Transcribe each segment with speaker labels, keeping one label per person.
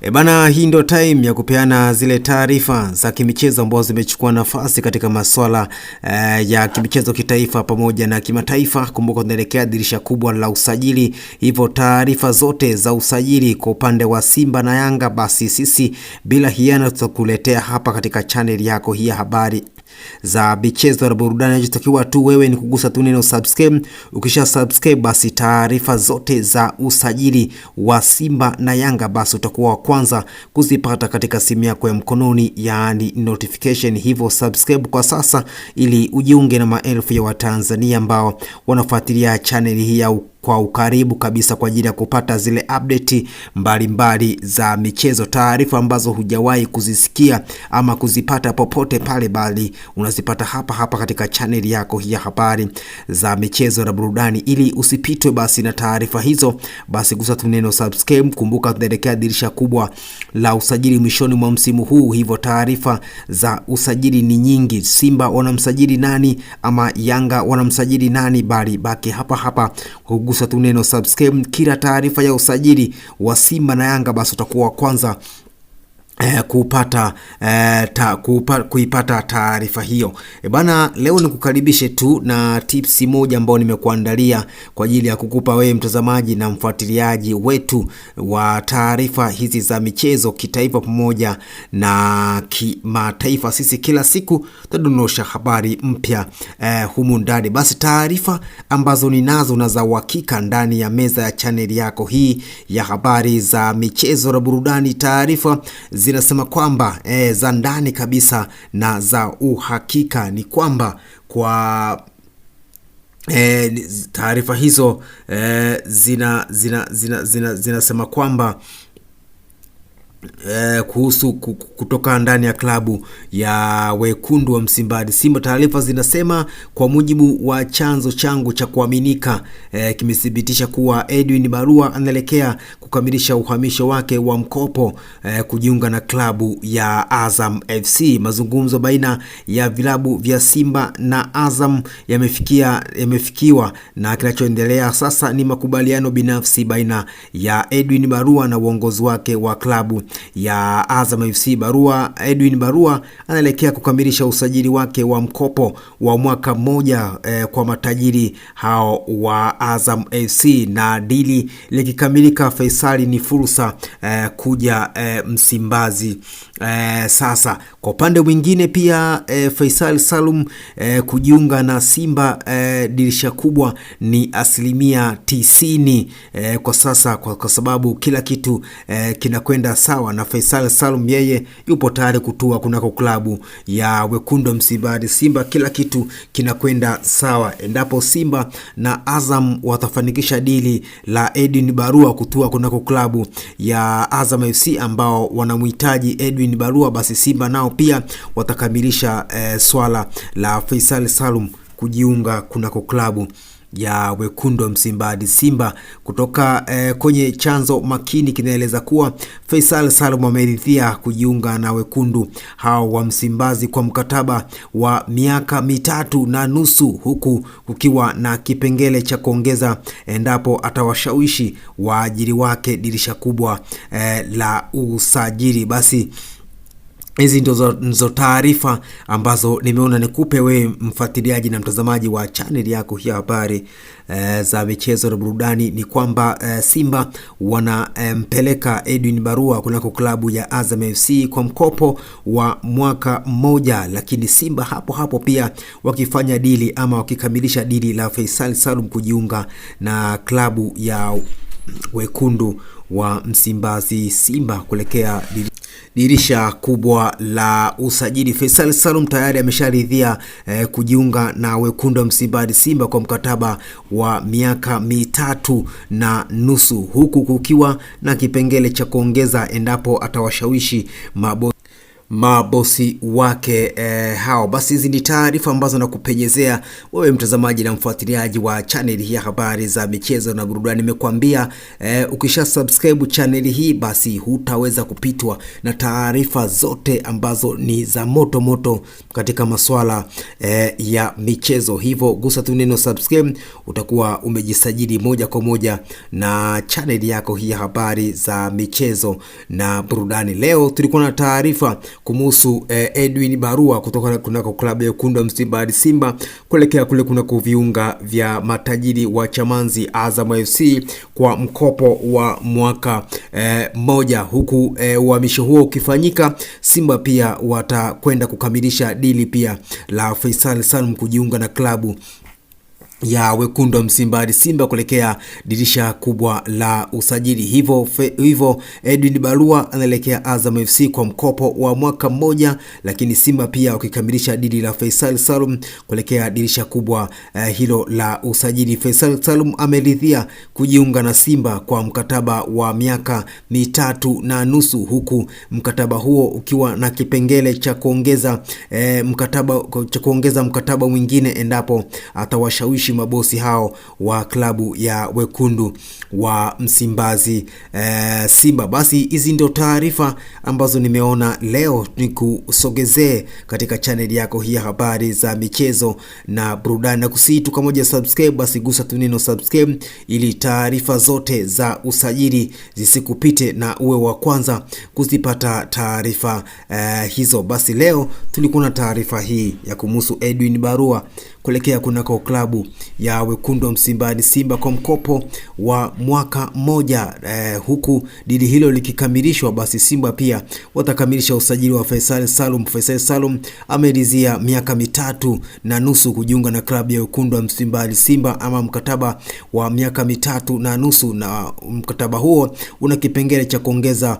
Speaker 1: E bana, hii ndio time ya kupeana zile taarifa za kimichezo ambazo zimechukua nafasi katika masuala eh, ya kimichezo kitaifa pamoja na kimataifa. Kumbuka tunaelekea dirisha kubwa la usajili, hivyo taarifa zote za usajili kwa upande wa Simba na Yanga, basi sisi bila hiana tutakuletea hapa katika channel yako hii ya Habari za michezo na burudani. Inachotakiwa tu wewe ni kugusa tu neno subscribe. Ukisha subscribe, basi taarifa zote za usajili wa Simba na Yanga basi utakuwa wa kwanza kuzipata katika simu yako ya mkononi, yaani notification. Hivyo subscribe kwa sasa, ili ujiunge na maelfu ya Watanzania ambao wanafuatilia chaneli hii ya kwa ukaribu kabisa kwa ajili ya kupata zile update mbalimbali za michezo, taarifa ambazo hujawahi kuzisikia ama kuzipata popote pale, bali unazipata hapa hapa katika channel yako hii ya habari za michezo na burudani. Ili usipitwe basi na taarifa hizo, basi gusa tu neno subscribe. Kumbuka tunaelekea dirisha kubwa la usajili mwishoni mwa msimu huu, hivyo taarifa za usajili ni nyingi. Simba wanamsajili nani ama Yanga wanamsajili nani? Bali baki hapa hapa kugusa gusa tu neno subscribe kila taarifa ya usajili wa Simba na Yanga, basi utakuwa wa kwanza Eh, kupata eh, ta, kupa, kuipata taarifa hiyo e bana, leo nikukaribishe tu na tipsi moja ambayo nimekuandalia kwa ajili ya kukupa wewe mtazamaji na mfuatiliaji wetu wa taarifa hizi za michezo kitaifa pamoja na kimataifa. Sisi kila siku tunadondosha habari mpya eh, humu ndani. Basi taarifa ambazo ninazo na za uhakika ndani ya meza ya chaneli yako hii ya habari za michezo na burudani, taarifa zinasema kwamba e, za ndani kabisa na za uhakika ni kwamba kwa E, taarifa hizo e, zina, zina, zina, zina, kwamba Eh, kuhusu kutoka ndani ya klabu ya wekundu wa Msimbazi Simba, taarifa zinasema kwa mujibu wa chanzo changu cha kuaminika eh, kimethibitisha kuwa Edwin Barua anaelekea kukamilisha uhamisho wake wa mkopo eh, kujiunga na klabu ya Azam FC. Mazungumzo baina ya vilabu vya Simba na Azam yamefikia yamefikiwa, na kinachoendelea sasa ni makubaliano binafsi baina ya Edwin Barua na uongozi wake wa klabu ya Azam FC Barua, Edwin Barua anaelekea kukamilisha usajili wake wa mkopo wa mwaka mmoja eh, kwa matajiri hao wa Azam FC, na dili likikamilika, Faisali ni fursa eh, kuja eh, Msimbazi E, sasa kwa upande mwingine pia e, Faisal Salum e, kujiunga na Simba e, dirisha kubwa ni asilimia tisini e, kwa sasa kwa, kwa sababu kila kitu e, kinakwenda sawa na Faisal Salum, yeye yupo tayari kutua kunako klabu ya wekundu Msimbazi Simba. Kila kitu kinakwenda sawa endapo Simba na Azam watafanikisha dili la Edwin Barua kutua kunako klabu ya Azam FC ambao wanamhitaji Edwin ni barua, basi Simba nao pia watakamilisha e, swala la Faisal Salum kujiunga kunako klabu ya wekundu wa Msimbazi Simba. Kutoka eh, kwenye chanzo makini kinaeleza kuwa Faisal Salum ameridhia kujiunga na wekundu hao wa Msimbazi kwa mkataba wa miaka mitatu na nusu, huku kukiwa na kipengele cha kuongeza endapo atawashawishi waajiri wake dirisha kubwa eh, la usajili. Basi Hizi ndizo taarifa ambazo nimeona nikupe wewe mfuatiliaji na mtazamaji wa channel yako hii habari e, za michezo na burudani. Ni kwamba e, Simba wanampeleka eh, e, Edwin Barua kunako klabu ya Azam FC kwa mkopo wa mwaka mmoja, lakini Simba hapo hapo pia wakifanya dili ama wakikamilisha dili la Faisal Salum kujiunga na klabu ya wekundu wa Msimbazi Simba kuelekea dirisha kubwa la usajili. Faisal Salum tayari amesharidhia eh, kujiunga na wekundu wa Msimbazi Simba kwa mkataba wa miaka mitatu na nusu, huku kukiwa na kipengele cha kuongeza endapo atawashawishi mabosi mabosi wake eh, hao. Basi hizi ni taarifa ambazo nakupenyezea wewe mtazamaji na mfuatiliaji wa chaneli hii ya habari za michezo na burudani. Nimekuambia eh, ukisha subscribe channel hii basi hutaweza kupitwa na taarifa zote ambazo ni za moto moto katika masuala eh, ya michezo. Hivyo gusa tu neno subscribe, utakuwa umejisajili moja kwa moja na chaneli yako hii ya habari za michezo na burudani. Leo tulikuwa na taarifa kumuhusu eh, Edwin Barua kutoka kunako klabu ya wekundu wa Msimba hadi Simba kuelekea kule kunako viunga vya matajiri wa Chamanzi Azam FC kwa mkopo wa mwaka mmoja eh, huku eh, uhamisho huo ukifanyika, Simba pia watakwenda kukamilisha dili pia la Faisal Salum kujiunga na klabu ya wekundu wa Msimbazi Simba kuelekea dirisha kubwa la usajili. Hivyo hivyo Edwin Barua anaelekea Azam FC kwa mkopo wa mwaka mmoja, lakini Simba pia wakikamilisha dili la Faisal Salum kuelekea dirisha kubwa eh, hilo la usajili. Faisal Salum ameridhia kujiunga na Simba kwa mkataba wa miaka mitatu na nusu, huku mkataba huo ukiwa na kipengele cha kuongeza eh, mkataba cha kuongeza mkataba mwingine endapo atawashawishi wawakilishi mabosi hao wa klabu ya wekundu wa Msimbazi e, Simba. Basi hizi ndio taarifa ambazo nimeona leo nikusogezee katika chaneli yako hii ya habari za michezo na burudani, na kusii tu kamoja subscribe, basi gusa tu neno subscribe ili taarifa zote za usajili zisikupite na uwe wa kwanza kuzipata taarifa e, hizo. Basi leo tulikuwa na taarifa hii ya kumhusu Edwin Barua kuelekea kunako klabu ya wekundu wa Msimbazi Simba kwa mkopo wa mwaka mmoja eh, huku dili hilo likikamilishwa, basi Simba pia watakamilisha usajili wa Faisal Salum. Faisal Salum amelizia miaka mitatu na nusu kujiunga na klabu ya wekundu wa Msimbazi Simba, ama mkataba wa miaka mitatu na nusu, na mkataba huo una kipengele cha kuongeza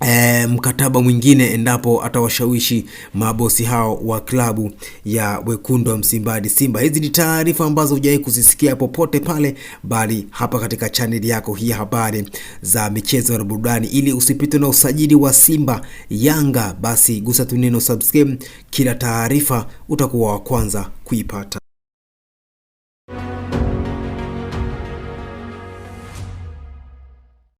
Speaker 1: E, mkataba mwingine endapo atawashawishi mabosi hao wa klabu ya wekundu wa Msimbazi Simba. Hizi ni taarifa ambazo hujawahi kuzisikia popote pale, bali hapa katika chaneli yako hii habari za michezo na burudani, ili usipitwe na usajili wa Simba Yanga, basi gusa tu neno subscribe, kila taarifa utakuwa wa kwanza kuipata.